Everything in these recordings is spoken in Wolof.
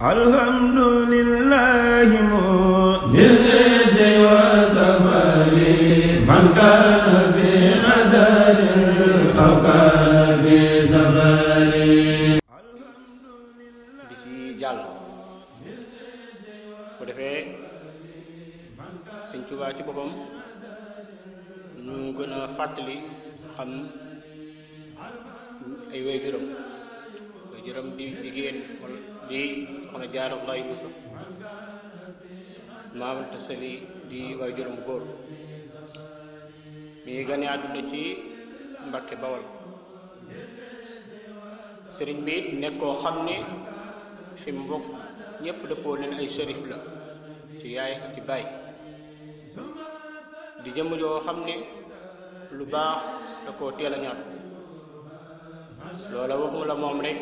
alhamdulillahi mu lil ijay wa zamali man kaana bi adarin aw kaana bi safari bis yi jàll bu defee Sëñ ci boppam ñu gën a fàttali xam ay wéy juróom di jigéen di soxna Jaara Laay Buso maam Anta Sali di waay juróom góor mi ngi gane àdduna ci Mbàkke Bawol sëriñ bi nekk koo xam ne fi mbokk ñëpp dëppoo leen ay sërif la ci yaay ak ci baay di jëmm joo xam ne lu baax da koo teel a la moom rek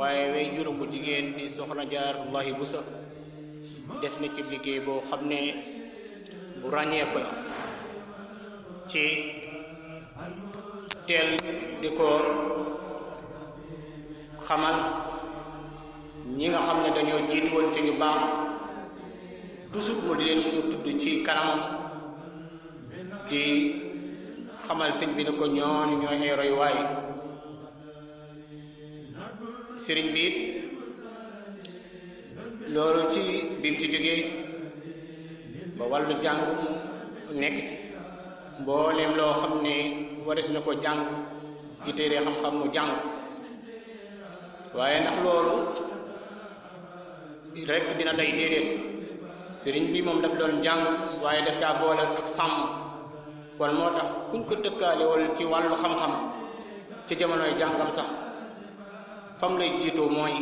waaye way juróom bu jigéen di soxna jaaratullahi bu sa def na ci liggéey boo xam ne bu ràññeeku la ci teel di ko xamal ñi nga xam ne dañoo jiit woon ci ñu baax toujours mu di leen ko tudd ci kanamam di xamal sëñ bi ne ko ñoon ñooy roy waay sëriñ bi loolu ci bi ci jógee ba wàllu jàng nekk ci mbooleem loo xam ne waris na ko jàng ci téere xam-xam mu jàng waaye ndax loolu rek dina day déedéet sëriñ bii moom daf doon jàng waaye daf caa boole ak sàmm kon moo tax kuñ ko tëkkaale wal ci wàllu xam-xam ci jamonoy jàngam sax fam lay jiitoo mooy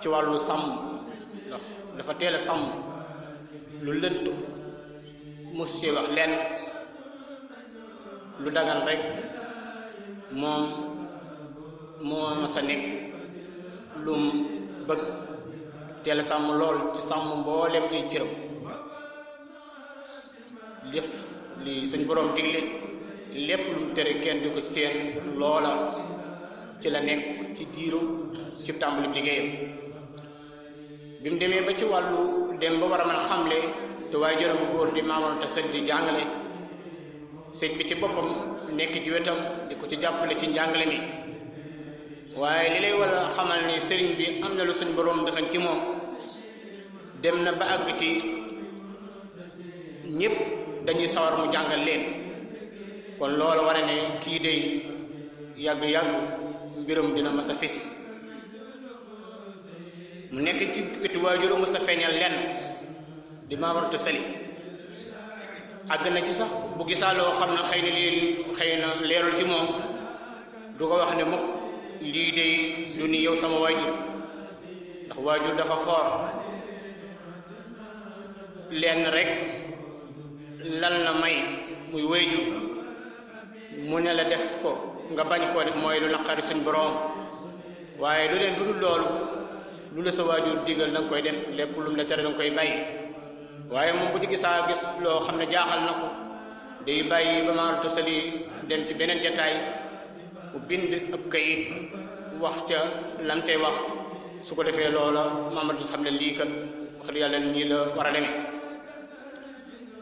ci wàllu sàmm ndax dafa teel a sàmm lu lënt mu ci lenn lu dagan rek moom moo sa nekk lu mu bëgg teel a sàmm lool ci sàmm mboolem ay cëram def suñ borom digle lépp lu mu tere kenn di ko seen loola ci la nekk ci diiru ci tàmbali liggéeyam bi mu demee ba ci wàllu dem ba war a mën a xamle te waaye jërëm bu góor di maamoon te sëñ di jàngale sëñ bi ci boppam nekk ci wetam di ko ci jàppale ci njàngale mi waaye li lay war a xamal ni sëriñ bi am na lu suñ borom dëxañ ci moom dem na ba àgg ci ñëpp dañuy sawar mu jàngal leen kon loolu wane ne kii day yàgg-yàgg mbiram dina mas a fisi mu nekk ci wetu waajuru mas feeñal lenn di maamaratu sali àgg na ci sax bu gisaa xam na xëy na lii xëy na leerul ci moom du ko wax ne mukk lii day du yow sama waajur ndax waajur dafa foor lenn rek lan la may muy waajur mu ne la def ko nga bañ koo def mooy lu naqari suñ boroom waaye lu leen lu dul lu la sa waaju digal na koy def lépp lum la tere da koy bàyyi waaye moom bu ci gisaa gis loo xam ne jaaxal na ko day bàyyi ba maal tosali dem ci beneen jataay mu bind ab kayit wax ca lam tey wax su ko defee loola maamad xam ne lii kat wax dëgg yàlla nii la war a demee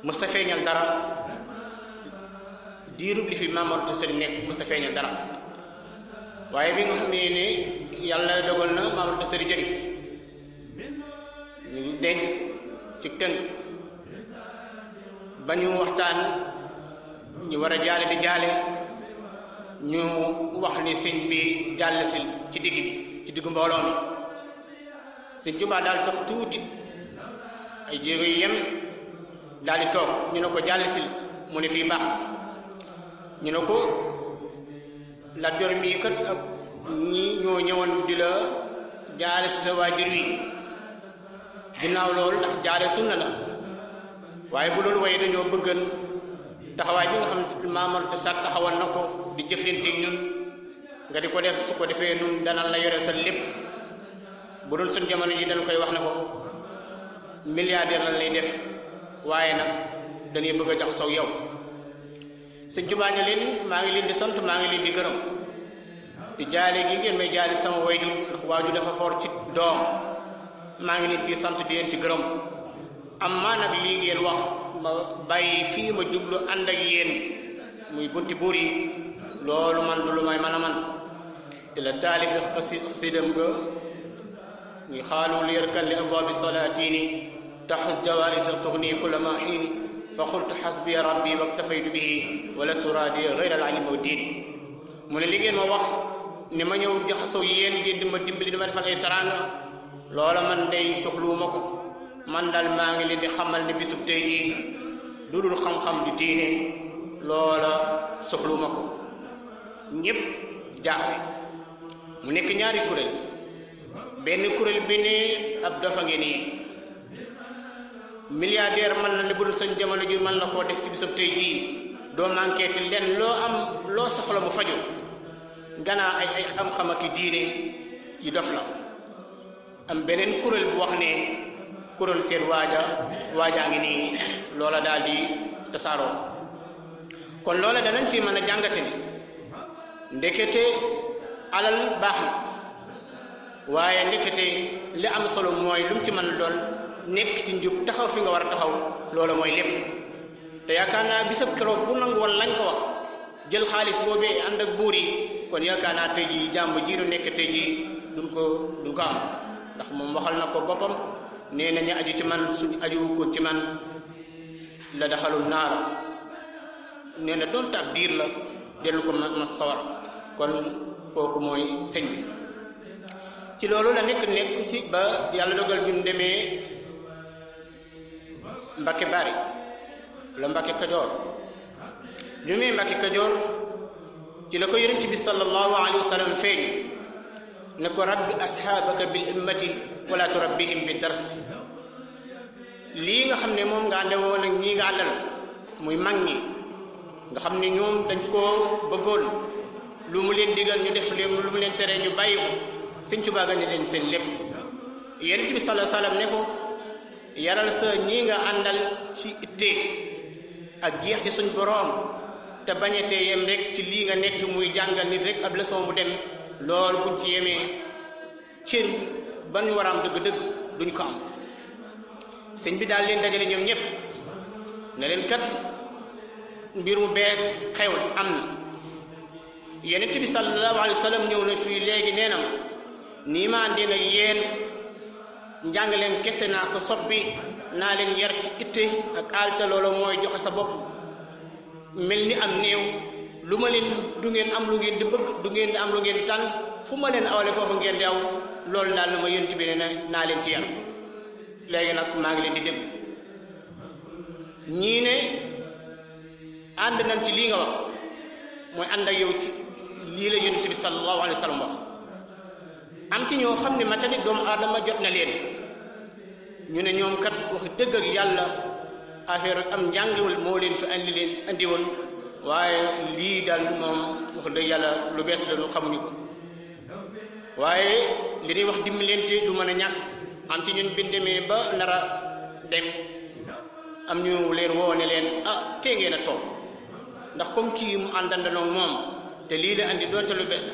mu sa feeñal dara diirub li fi Mamadou Anta Sali nekk mos feeñal dara waaye bi nga xamee ne yàlla dogal na Mamadou Anta Sali jóge ñu denk ci tënk ba ñu waxtaan ñu war a jaale di jaale ñu wax ni sëñ bi jàll si ci digg bi ci digg mbooloo mi sëñ daal dox tuuti ay jéego yu yem daal di toog ñu ne ko jàll si mu ne fii baax ñu ne ko Lat Joor mii kat ak ñi ñoo ñëwoon di la jaale si sa waajur wi ginnaaw lool ndax jaale sunna la waaye bu loolu waaye dañoo bëggan taxawaay bi nga xam ne te sat taxawoon na ko di jëflante ñun nga di ko def su ko defee ñun danaan la yore sa lépp bu doon suñ jamono ji dañ koy wax ne ko milliardaire lañ lay def waaye nag dañuy bëgg a jox jaxasoo yow sëñ Tuubaa ne leen maa ngi leen di sant maa ngi leen di gërëm di jaale gi ngeen may jaale sama waajur ndax waajur dafa for ci doom maa ngi leen ci sant di leen ci gërëm am maa nag lii ngeen wax ma bàyyi fii ma jublu ànd ak yéen muy bunti buur yi loolu man du lu may mën a man te la taalif xasidam ga muy xaalu li yarkan li abwaabi salaatini taxus jawaïs tuxni kula ma xiini fa xultu xasbiya rabbi waktafaytu bihi wala suraadi gayra alilmi wa diini mu ne li ma wax ne ma ñëw jaxasoo yéen ngeen di ma dimbali di ma defal ay taranga loola man day soxluwuma ko man daal maa ngi leen di xamal ne bisub tey jii lu dul xam-xam di diine loola soxluwuma ko jaaxle mu nekk ñaari kuréel benn kuréel bi ne ab dofa milliardaire man la ne bu dul seen jamono ji man la koo def ci bisab tey jii doo manqué te lenn loo am loo soxla mu faju ganaa ay ay xam-xam ak i diine yi dof la am beneen kuréel bu wax ne kuréel seen waaja waajaa ngi nii loola daal di tasaaroo kon loola danañ ci mën a jàngate ni ndekete alal baax na waaye ndekete li am solo mooy lu mu ci mën a doon nekk ci njub taxaw fi nga war a taxaw loola mooy lépp te yaakaar naa bisab keroog bu nangu woon lañ ko wax jël xaalis boobee ànd ak buur yi kon yaakaar naa tey jii jàmb jii nekk tey jii duñ ko duñ ko am ndax na ko boppam nee nañu aju ci man suñu aju ci man la daxalul naara la dellu ko ma sawar kon kooku mooy sëñ bi ci loolu la nekk nekk ci ba yàlla dogal bi mu Mbakke Bari wala Mbakke Kajoor bi muy Mbakke Kajoor ci la ko yonent bi sallallahu alayhi wa sallam feeñ ne ko rabbi bi bil himmati wala bi dars lii nga xam ne moom nga ànde woon ak ñii nga àndal muy mag ñi nga xam ne ñoom dañ koo bëggoon lu mu leen digal ñu def leen lu mu leen tere ñu bàyyi ko sëñ Tuubaa ne leen seen lépp yonent bi wa sallam ne yaral sa ñii nga àndal ci itte ak jeex ci suñ boroom te bañetee yem rek ci lii nga nekk muy jàngal nit rek ab leçon bu dem lool buñ ci yemee cër ban waraam dëgg-dëgg duñ ko am sëñ bi daal leen dajale ñoom ñëpp ne leen kat mbir mu bees xew am na yonent bi sallallahu alayhi wa ñëw na fii léegi nee na nii ma àndeen ak yéen njàng leen kese naa ko soppi naa leen yar ci itte ak alta mooy joxe sa bopp mel ni am néew lu ma leen du ngeen am lu ngeen di bëgg du ngeen di am lu ngeen di tànn fu ma leen foofu ngeen di aw loolu daal la ma yënt bi ne naa leen ci yar léegi nag maa ngi leen di déglu ñii ne ànd nañ ci lii nga wax mooy ànd ak yow ci lii la yënt bi sallallahu alayhi wa wax am ci ñoo xam ne ma tamit doomu aadama jot na leen ñu ne ñoom kat wax dëgg ak yàlla affaire am njàngiwul moo leen fi andi leen andi woon waaye lii daal moom wax dëgg yàlla lu bees la ñu xamuñu ko waaye li ñuy wax dimbalante du mën a ñàkk am ci ñun biñ demee ba nar a dem am ñu leen woo ne leen ah tee ngeen a toog ndax kom kii mu àndandoo moom te lii la andi doonte lu bees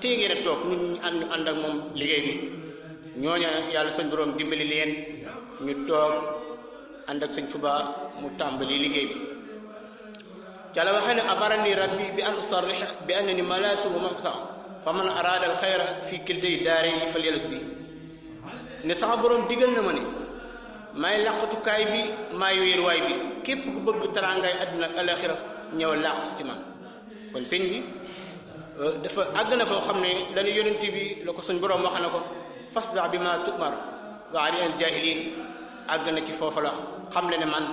tee ngeen a toog ñun ñu ànd moom liggéey bi ñooña yàlla suñ borom dimbali leen. ñu toog ànd ak sëñ Tuba mu tàmbali liggéey bi ca la waxee rabbi bi an usarrih bi annani malasu wa mabsa fa man araada al xayra fi kiltay daarayni falyalus bi ne sax boroom digal na ma ne maay làqatukaay bi maay wéeruwaay bi képp ku bëgg teraangaay àdduna ak alaxira ñëw làqu si kon sëñ bi euh, dafa àgg na foo xam ne lanu yonent bi la ko wax na ko fasda bi ma tumar wa alil jahilin àgg na ci foofu la xam le ne man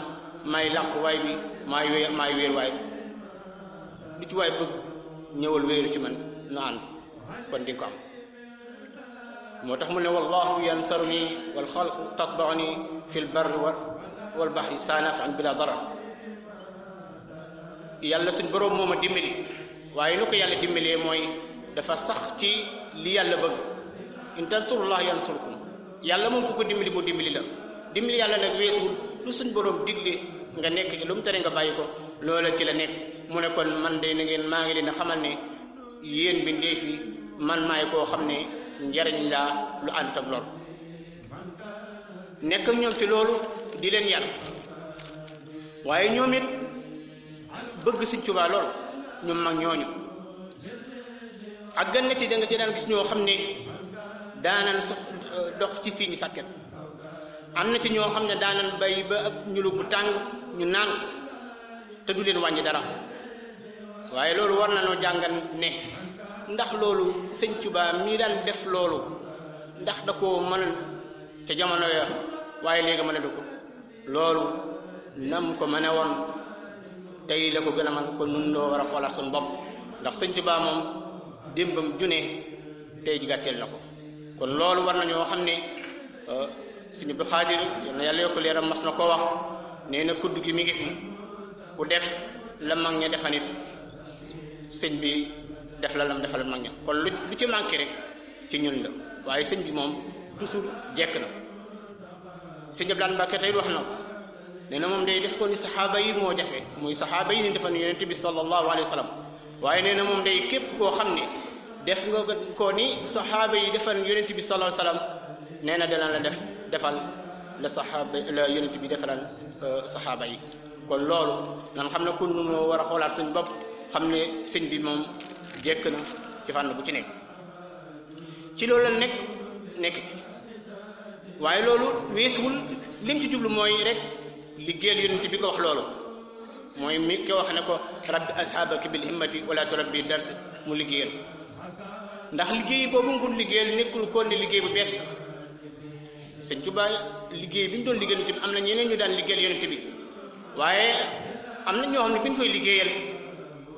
maay làq waay bi maay wéer maay wéer bi ci waay bëgg ñëwal wéeru ci man nu kon di ko am moo tax mu ne wallahu yansaru nii wal xalqu tatbaxu nii fi l barri wal baxri saa nafan bila darar yàlla suñ boroom mooma dimbali waaye nu yàlla dimbalee mooy dafa sax ci li yàlla bëgg in tansurullah yansurkum yàlla moom ku ko dimbali mu dimbali la lim yàlla nag weesuwul lu suñ boroom digle nga nekk ci lu mu tere nga bàyyi ko loola ci la nekk mu nekkoon man de na maa ngi leen xamal ne yéen bi ndee fi man may koo xam ne njariñ laa lu àndut ak lor nekk ñoom ci loolu di leen yar waaye ñoom it bëgg Sëñ Tuubaa lool ñoom mag ñooñu ak gànna ci da daan gis ñoo xam ne daanan euh, dox ci siñi sàkket am na ci ñoo xam ne daanan bay ba ab ñulu bu tàng ñu naan te du leen wàññi dara waaye loolu war na noo jàngal ne ndax loolu sëñ Tuubaa mii daan def loolu ndax da koo mën ca jamono ya waaye léegi mën a du loolu nam ko ma ne woon tey la ko gën a man ko nun loo war a xoolaat bopp ndax sëñ Tuubaa moom démbam junee tey ji gàtteel na ko kon loolu war nañoo xam ne euh, suñu Abdu Xaadir yal na yàlla yokk leeram mas na koo wax nee na kudd gi mi ngi fi ku def la mag ña defanit sëñ bi def la lam defal mag ña kon lu lu ci manqué rek ci ñun la waaye sëñ bi moom toujours jekk na sëñ Abdou Lahad Mbacké tey wax na ko nee na moom day def ko ni saxaaba yi moo jafe muy saxaaba yi ni defal ni yonent bi sallallahu alayhi wa sallam waaye day képp koo xam ne def nga ko ni saxaaba yi defal yonent bi sallallahu alayhi wa sallam nee na dana la def defal la saxaaba la yonent bi defalaan euh, saxaaba yi kon loolu nan xam ne ku nu war a xoolaat suñ bopp xam ne sëñ bi moom jekk na ci fànn bu ci nekk ci loolu la nekk nekk ci waaye loolu weesuwul lim ci jublu mooy rek liggéeyal yonent bi ko wax loolu mooy mi ko wax ne ko rabbi ashaabaki bil himmati wala turabbi dars mu liggéeyal ndax liggéey boobu ngun liggéeyal nekkul kon ne liggéey bu bees sëñ Tuubaa liggéey bi mu doon liggéeyal tamit am na ñeneen ñu daan liggéeyal yonent bi waaye am na ñoo xam ne bi ñu koy liggéeyal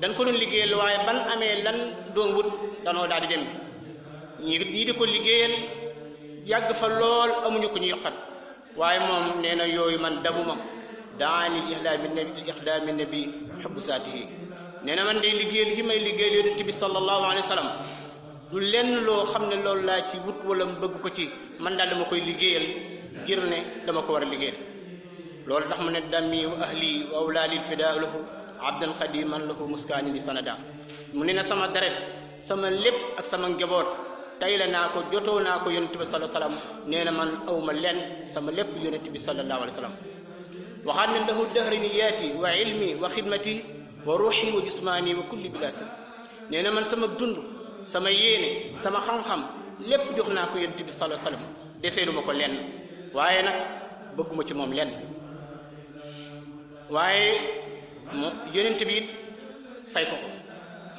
dañ ko doon liggéeyal waaye ban amee lan doon wut danoo daal di dem ñi ñii di ko liggéeyal yàgg fa lool amuñu ko ñu yokkat waaye moom nee na yooyu man dabuma daani ixdaami nabi ixdaami nabi xubbu saatihi nee na man day liggéeyal gi may liggéeyal yonent bi sallallahu alayhi wa sallam du lenn loo xam ne loolu laa ci wut wala mu bëgg ko ci man daal dama koy liggéeyal ngir ne dama ko war a liggéeyal loolu tax mu ne dammi wa ahli wa awlaadil fidaa lahu abdan xadiman lahu muskaani bi sanada mu ne na sama deret sama lépp ak sama njaboot tey la naa ko jotoo naa ko yonent bi sallallahu alayhi wa sallam nee na man awma leen sama lépp yonent bi sallallahu alayhi wa sallam waxaat ne lahu dahri niyaati wa ilmi wa xidmati wa ruuxi wa jismaani na man sama dund sama yéene sama xam-xam lépp jox naa ko yonent bi sallallahu alayhi wasallam deseelu ma ko lenn waaye nag bëgguma ci moom lenn waaye mu yonent fay ko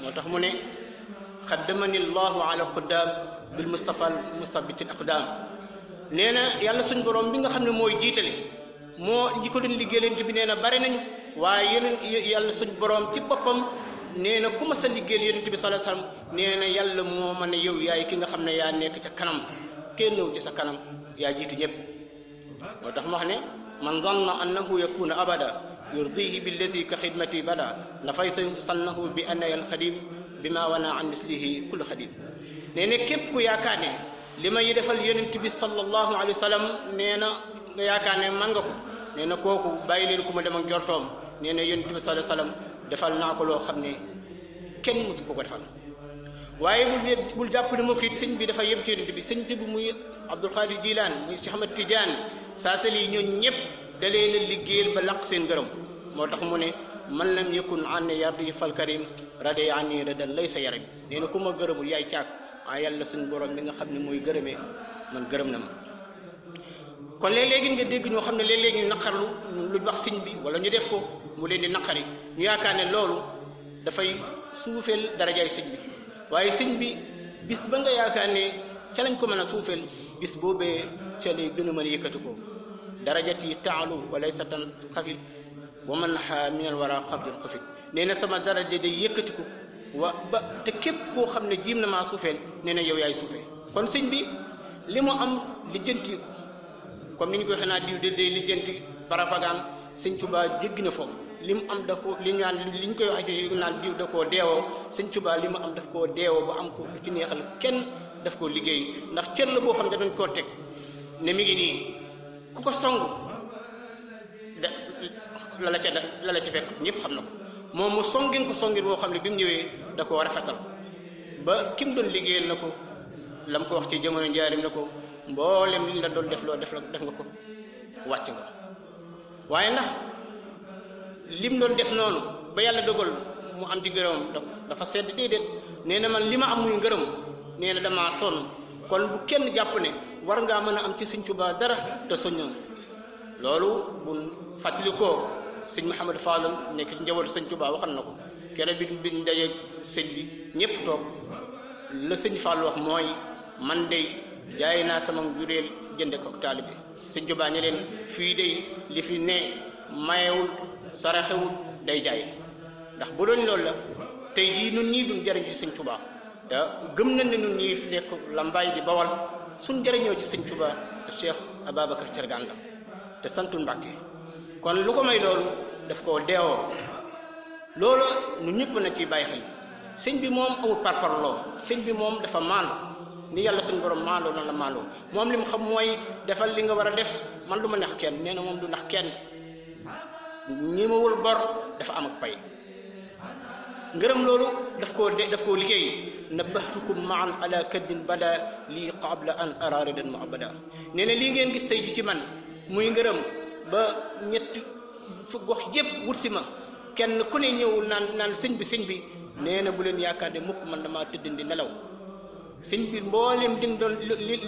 moo tax mu ne xaddamani llahu ala quddaam bil mustafa al musabbitil aqdaam nee na yàlla suñ borom bi nga xam ne mooy jiitale moo ñi ko doon liggéey yonent bi nee na bari waaye yeneen yàlla suñ borom ci boppam nee na ku ma sa liggéeyal yonent bi sallallahu alayhi wasallam nee na yàlla moo ma ne yow yaay ki nga xam ne yaa nekk ca kanam kenn ñëw ci sa kanam yaa jiitu ñëpp moo tax ma ne man zanna annahu yakuna abada yurdihi billazi ka xidmati bada dafay sa sannahu bi anaya alxadim bi ma wana an mislihi kullu xadim nee na képp ku yaakaar ne li may defal yonent bi sallallahu alayhi wasallam nee na nga yaakaar ne man nga ko nee na kooku bàyyi leen ku ma dem ak jortoom nee na yonent bi sallallahu defal naa ko loo xam ne kenn mosu ko ko defal waaye bul jàpp ne moom xiit sëñ bi dafa yem ci yonent bi sëñ bi muy Abdul Xaadir Jilaan muy Cheikh Ahmad Tidiane saa sali ñoon ñëpp da leen a liggéeyal ba làq seen gërëm moo tax mu ne man lam yakun anna yardi fal karim radi anni radan lay sa yaram nee na ku ma gërëmul yaay caag ah yàlla suñu borom mi nga xam ne mooy gërëmee man gërëm na ma kon léeg-léegi nga dégg ñoo xam ne léeg-léeg ñu naqarlu lu wax siñ bi wala ñu def ko mu leen di naqari ñu yaakaar ne loolu dafay suufeel darajaay siñ bi waaye siñ bi bis ba nga yaakaar ne ca lañ ko mën a suufeel bis boobee ca lay gën a mën a yëkkati ko darajati taalu walaysa tan xafit wa man naxa minal wara xafdin xafit nee na sama daraja day yëkkati ko wa ba te képp koo xam ne jiim na maa suufeel nee na yow yaay suufee kon siñ bi li am lijjanti comme ni ñu ko waxee naa diw de day lijjanti propagande sëñ Tuubaa jéggi na foofu li mu am da ko li ñu naan li koy wax ci diw da koo deewoo sëñ li mu am daf koo deewoo ba am ko lu kenn daf koo liggéey ndax cër la boo xam ne dañ koo teg mi ngi nii ku ko la ca da la la ca fekk ñëpp xam na ko moom mu songin ko songin boo xam ne bi ñëwee da koo rafetal ba kim doon liggéeyal na ko lam ko wax ci jamono njaarim na ko mboolem li ñu la doon def loo def def nga ko wàcc nga waaye ndax lim doon def noonu ba yàlla dogal mu am ci ngërëmam dafa sedd déedéet nee na man li ma am muy ngërëm nee na damaa sonn kon bu kenn jàpp ne war ngaa mën a am ci Sëñ Tuubaa dara te soññoon loolu bu fàttali ko sëñ Mouhamed Fadal nekk ci njawal Sëñ Tuubaa waxal na ko keroog bi bi ñu sëñ bi ñëpp toog la sëñ Fall wax mooy man de. jaay naa sama njuréel jënde ko taalibe sëñ Tuubaa ne leen fii de li fi ne mayewul saraxewul day jaay ndax bu doon loolu la tey jii nun ñii duñ jëriñ ci sëñ Tuubaa te gëm nañ ne nun ñii fi nekk Lambaay di Bawal suñ jëriñoo ci sëñ Tuubaa Cheikh Ababacar Cargaan la te santu Mbàkke kon lu ko may loolu daf koo deewoo loolu nu ñëpp na ci bàyyi xel sëñ bi moom amul parparloo sëñ bi moom dafa maan ni yàlla suñ borom maandoo noonu la maandoo moom li mu xam mooy defal li nga war a def man du ma nax kenn nee na moom du nax kenn ñi ma dafa am ak pay ngërëm loolu daf koo de daf liggéey nabbahtukum maan ala kaddin bada lii qabla an araare dan ma abada nee lii ngeen gis tey ji ci man muy ngërëm ba ñetti fu gox wut si ma kenn ku ne ñëw naan naan sëñ bi sëñ bi nee bu leen yaakaar ne mukk man damaa tëddin di nelaw sëñ bi mboolem di doon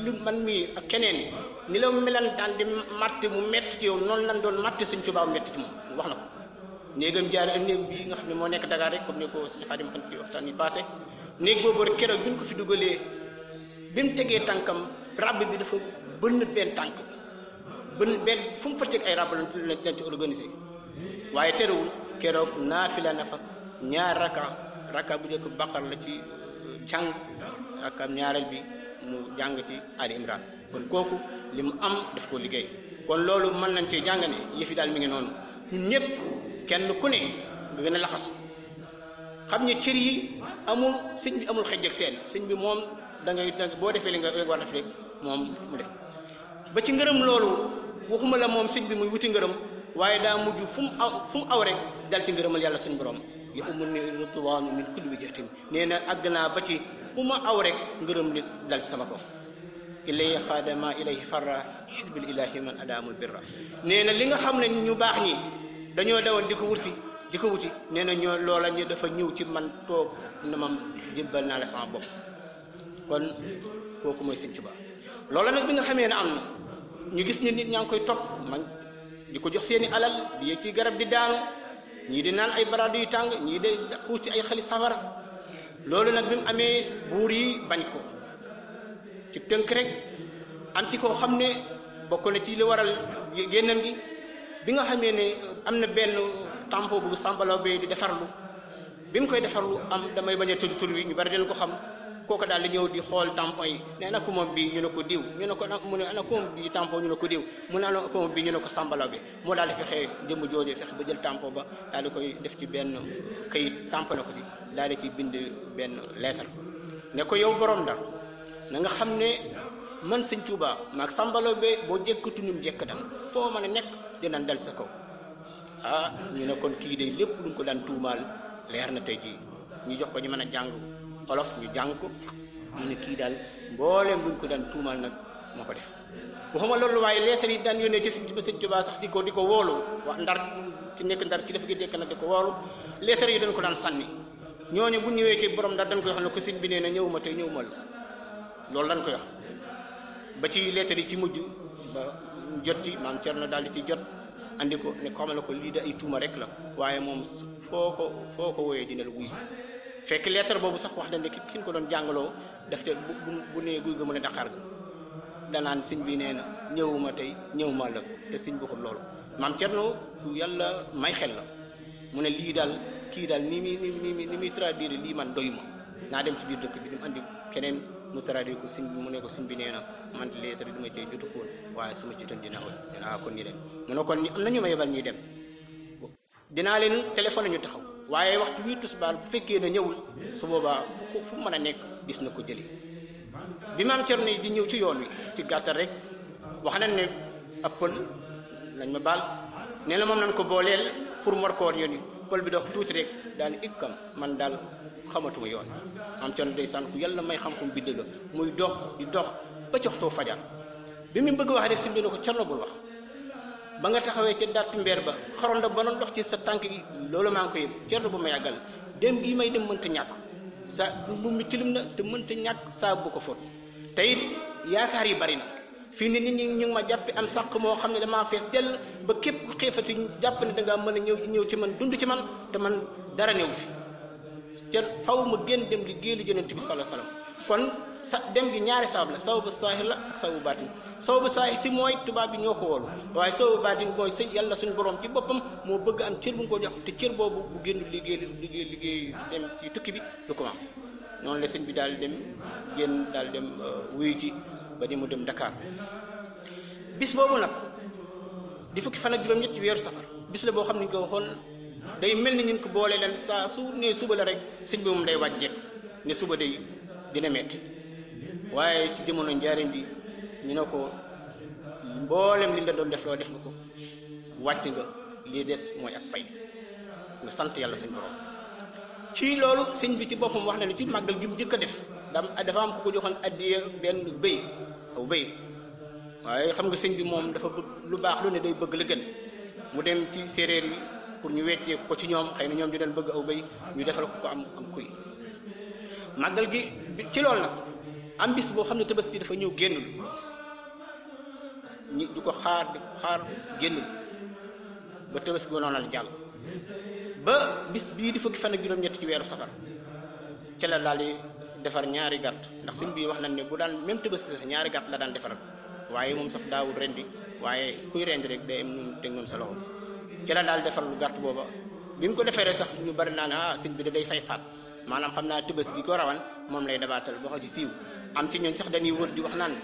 li man mii ak keneen ni la melan daan di màtt mu metti ci yow noonu lan doon màtte sëñ Tuubaa metti ci moom wax na ko néegam jaar ak néeg bii nga xam ne moo nekk Dakar rek ko sëñ Xaadim xam ci waxtaan yi passé néeg boobu rek keroog ko fi dugalee bi mu tegee tànkam rab bi dafa bënn benn tànk bën benn fu mu fa teg ay rab lañ lañ ci organisé waaye terewul keroog fi na nafa ñaar raka raka bu njëkk baqar la ci jàng ak am ñaareel bi mu jàng ci Ali kon kooku li mu am def ko liggéey kon loolu mën nañ cee jàng ne yëf daal mi ngi noonu ñun ñëpp kenn ku ne nga gën a laxas xam ne cër yi amul sëñ bi amul xëj seen sëñ bi moom da ngay boo defee li nga war def moom mu def ba ci ngërëm loolu waxuma la moom sëñ bi muy wuti ngërëm waaye daa mujj mu aw fu mu aw rek dal ci ngërëmal yàlla suñu borom fu ma aw rek ngërëm li dal ci sama kaw ilay xaadama ilay farra xisbil ilahi man adaamul birra nee na li nga xam ne ñu baax ñi dañoo dawoon di ko wutsi di ko wuti nee na ñoo loola ñu dafa ñëw ci man toog na ma jébbal naa la sama bopp kon kooku mooy Sëñ Tuubaa loola nag bi nga xamee ne am na ñu gis ne nit ñaa ngi koy topp man di ko jox seeni alal di yëg ci garab di daanu ñii di naan ay baraadu yu tàng ñii di xuuti ay xali safara loolu nag bi mu amee buur yi bañ ko ci tënk rek am ci xam ne bokk na ci li waral génnam gi bi nga xamee ne am na benn tampo bu sambalaw bi di defarlu bi mu koy defarlu am damay bañ a tudd tur wi ñu bari den ko xam kooku daal di ñëw di xool tampon yi ne ana ko moom bii ñu ne ko diw ñu ne ko mu ne ana ko moom bi tampon ñu ne ko diw mu ne ana moom bi ñu ne ko sambala bi moo daal di fexe jëmm jooju ba jël tampon ba daal di koy def ci benn kayit tampon ko ci daal di ci bind benn lettre ne ko yow borom Ndar na nga xam ne man sëñ Tuuba maag sambalo boo jëkkatu ñu jëkk dal foo mën a nekk dinañ dal sa kaw ah ñu ne kon kii de lépp luñ ko daan tuumaal leer na tey jii ñu jox ko ñu mën a jàng olof ñu jàng ko ne kii daal mbooleem buñ ko daan tuumaal nag moo ko def waxuma loolu waaye leesal yi daan yónnee ci sëñ Tuubaa sax di di ko woolu wax ndar ci nekk ndar ki dekk nag di ko woolu leesal yi dañ ko daan sànni ñooñu bu ñëwee ci borom ndar dañ koy wax ne ko sëñ bi nee na ñëwuma tey ñëwuma la loolu dañ koy wax ba ci leesal yi ci mujj ba jot ci maam Cerno daal di ci jot andi ko ne ko xamal ko lii da ay tuuma rek la waaye moom foo ko foo ko wooyee dina la wuy fekk lettre boobu sax wax nañ ne ki ñu ko doon jàngaloo def te bu bu nee guy ga mën a daqaar ga danaan sëñ bi nee na ñëwuma tey ñëwuma la te sëñ bi loolu maam Cerno yàlla may xel la mu ne lii daal kii daal ni muy ni muy ni muy traduire lii man doyuma naa dem ci biir dëkk bi di mu andi keneen mu traduire ko sëñ bi mu ne ko sëñ bi nee na man lettre bi ma cay jotu ko waaye su ma jotoon dina woon dinaa ko nii leen mu ne kon am na ñu ma yebal ñuy dem dinaa leen téléphone ñu taxaw. waaye waxtu wi tisbaar bu fekkee na ñëwul su boobaa fu fu mën a nekk gis na ko jëli bi maam Cerno yi di ñëw ci yoon wi ci gàttal rek wax nañ ne ab pël lañ ma baal nee na moom nañ ko booleel pour mu war ko woon pël bi dox tuuti rek daal ikkam man daal xamatuma yoon maam Cerno day sànn ku yàlla may xam ko mu biddaloo muy dox di dox ba jox too fajar bi mu bëgg wax rek si na ko ko Cerno bul wax ba nga taxawee ca dàtt mbeer ba xaronda ba doon ndox ci sa tànk gi loolu maa ngi koy yëg cerno bu ma yàggal dem gii may dem mënta ñàkk sa mbubb mi tilim na te mënta ñàkk saa ko fóot te it yaakaar yi bari na fii ne nit ñi ñu ma jàppi am sàq moo xam ne damaa fees dell ba képp xeefati jàpp ne dangaa mën a ñëw ñëw ci man dund ci man te man dara néew fi ca faw ma génn dem di géelu Yonent bi sallallahu alayhi kon sa dem gi ñaari sabab la sababu saahir la ak sababu baatin sababu saahir si mooy tubaab bi ñoo ko woolu waaye sababu baatin mooy si yàlla suñu borom ci boppam moo bëgg am cër bu nga ko jox te cër boobu bu génn liggéey liggéey liggéey dem ci tukki bi du ko la sëñ bi daal dem génn daal dem euh, wuyu ji ba mu dem Dakar bis boobu nag di fukki fan ak juróom-ñett ci weeru la boo xam ne ko waxoon day mel ni ñu ko boolee leen saa su ne suba la rek si bi moom day wàcc ne suba day dina metti waaye ci jamono njaarim bi ñu ne ko mboolem li nga doon def loo def nga ko wàcc nga lii des mooy ak pay nga sant yàlla suñ borom ci loolu sëñ bi ci boppam wax na ne ci màggal gi mu njëkk a def dafa am ku ko joxoon addiya benn bëy aw bëy waaye xam nga sëñ bi moom dafa lu baax lu ne day bëgg la mu dem ci séeréer yi pour ñu weccee ko ci ñoom xëy na ñoom di doon bëgg aw bëy ñu defal ko ko am am kuy màggal gi ci loolu nag am bis boo xam ne tabaski dafa ñëw génnul ñi di ko xaar di xaar génnul ba tabaski ba noonu la jàll ba bis bii di fukki fan ak juróom-ñett ci weeru safar ca daal di defar ñaari gàtt ndax sëñ bi wax nañ ne bu daan même tabaski sax ñaari gàtt la daan defaral waaye moom sax daawul rendi waaye kuy rendi rek day am ñun teg noonu daal defar lu gàtt booba bi mu ko defaree sax ñu bari naa ne ah sëñ bi da day fay faat maanaam xam naa tabaski gi ko rawan moom lay dabaatal boo ji siiw am ci ñooñ sax dañuy wër di wax naan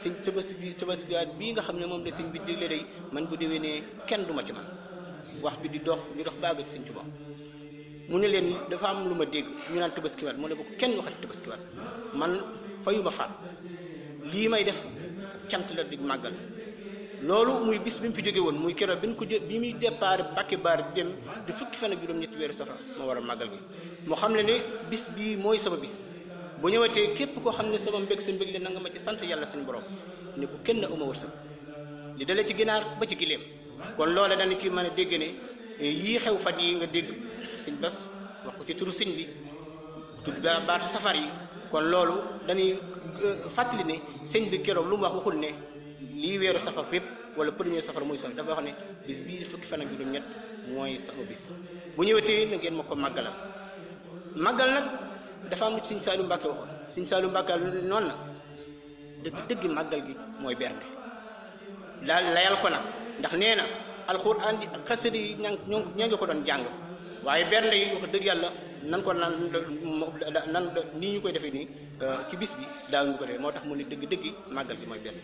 sëñ tabaski bi tabaskiwaat bii nga xam ne moom la sëñ bi digle day man bu déwénee kenn du ma ci man wax bi di dox di dox baaga ci sëñ Tuubaa mu ne leen dafa am lu ma dégg ñu naan tabaskiwaat mu ne bu kenn waxati tabaskiwaat man fayuma faat lii may def cant la di màggal loolu muy bis bi mu fi jóge woon muy keroog bi ko jë muy départ Mbàkke Baar bi dem di fukki fan ak juróom-ñetti weeru safar ma war a màggal gi mu xam ne ne bis bii mooy sama bis bu ñëwatee képp koo xam ne sama mbég sa mbég la na nga ma ci sant yàlla suñu borom ne bu kenn uma wërsëg li dale ci ginaar ba ci giléem kon loola dana ci mën a dégg yii xew fan yi nga dégg sëñ bas wax ko ci turu sëñ bi tudd baatu safar yi kon loolu dañuy euh, fàttali ne sëñ bi keroog lu mu wax waxul ne lii weeru safar fépp wala premier safar muy safar dafa wax ne bis bii fukki fan ak juróom-ñett mooy sama bis bu ñëwetee na ngeen ma ko màggalal màggal nag dafa am nit Sëñ Saliou Mbacke waxoon Sëñ Saliou Mbacke noonu dëgg dëgg màggal gi mooy bernde daal layal ko nag ndax nee na alxuraan di xasida yi ña ña nga ko doon jàng waaye bernde yi wax dëgg yàlla nan ko nan nan nii ñu koy defee nii euh, ci bis bi daaw ñu ko defee moo tax mu ne dëgg dëgg màggal gi mooy bernde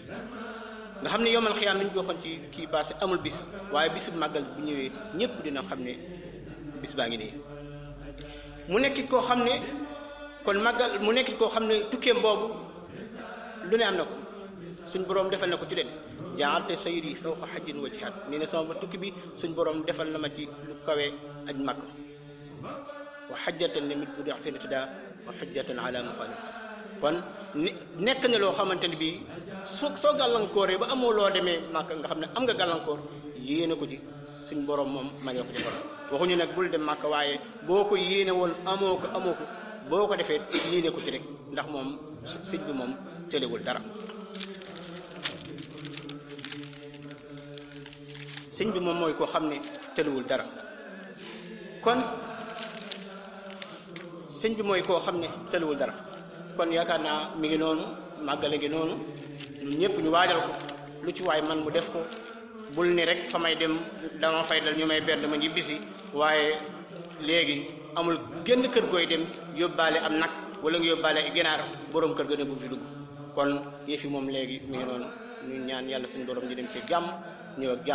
nga xam ne yomal xiyaam nañ waxoon ci kii passé amul bis waaye bisu màggal bu ñëwee ñëpp dina xam ne bis baa ngi nii mu nekk koo xam ne kon màggal mu nekk koo xam ne tukkeem boobu lu ne am na ko suñ boroom defal na ko ci leen jaalte sayri fawqa hajjin wa jihaad nee na sama tukki bi suñ boroom defal na ma ci lu kawe aj màgg wa xajjatan li mit bu dex fi natidaa wa xajjatan ala maqaami kon nekk na loo xamante ne bii soo soo gàllankooree ba amoo loo demee màkk nga xam ne am ga gàllankoor yéene ko ci suñ boroom moom ma ne ko ci waxuñu nag bul dem màkk waaye boo ko yéene woon amoo ko amoo boo ko defee lii ne ko ci rek ndax moom sëñ bi moom tëlewul dara sëñ bi moom mooy koo xam ne tëlewul dara kon sëñ bi mooy koo xam ne tëlewul dara kon yaakaar naa mi ngi noonu màggale gi ñëpp ñu waajal ko lu ci waay man mu def ko bul ni rek fa may dem dama fay dal ñu may benn ma ñibbisi waaye léegi amul génn kër gooy dem yóbbaale am nag wala nga yóbbaale ay ginaar boroom kër ga ne bu fi dugg kon yëf moom léegi mi ngi noonu ñu ñaan yàlla suñu borom ñu dem ci jàmm ñëw ak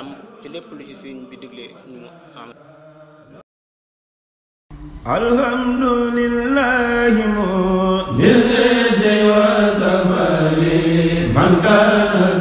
lépp lu ci sëriñ bi digle ñu am